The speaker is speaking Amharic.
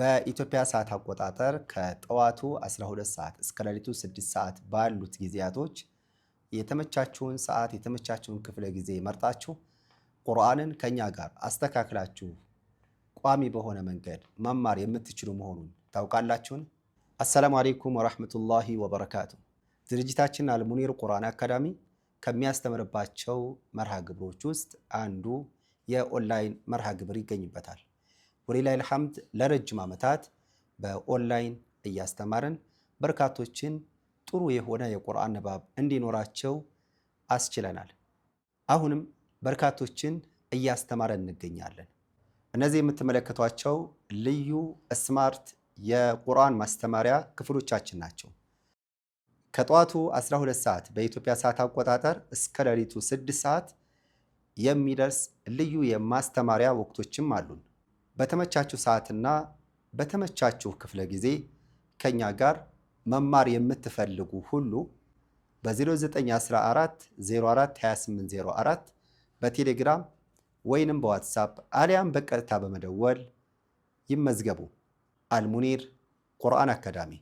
በኢትዮጵያ ሰዓት አቆጣጠር ከጠዋቱ 12 ሰዓት እስከ ሌሊቱ 6 ሰዓት ባሉት ጊዜያቶች የተመቻችሁን ሰዓት የተመቻችሁን ክፍለ ጊዜ መርጣችሁ ቁርአንን ከኛ ጋር አስተካክላችሁ ቋሚ በሆነ መንገድ መማር የምትችሉ መሆኑን ታውቃላችሁን? አሰላሙ አሌይኩም ወራህመቱላሂ ወበረካቱ። ድርጅታችን አልሙኒር ቁርአን አካዳሚ ከሚያስተምርባቸው መርሃ ግብሮች ውስጥ አንዱ የኦንላይን መርሃ ግብር ይገኝበታል። ወሊላሂል ሐምድ ለረጅም ዓመታት በኦንላይን እያስተማርን በርካቶችን ጥሩ የሆነ የቁርአን ንባብ እንዲኖራቸው አስችለናል። አሁንም በርካቶችን እያስተማረን እንገኛለን። እነዚህ የምትመለከቷቸው ልዩ ስማርት የቁርአን ማስተማሪያ ክፍሎቻችን ናቸው። ከጠዋቱ 12 ሰዓት በኢትዮጵያ ሰዓት አቆጣጠር እስከ ሌሊቱ 6 ሰዓት የሚደርስ ልዩ የማስተማሪያ ወቅቶችም አሉን። በተመቻችሁ ሰዓትና በተመቻችሁ ክፍለ ጊዜ ከኛ ጋር መማር የምትፈልጉ ሁሉ በ0914 04 2804 በቴሌግራም ወይንም በዋትሳፕ አሊያም በቀጥታ በመደወል ይመዝገቡ። አልሙኒር ቁርአን አካዳሚ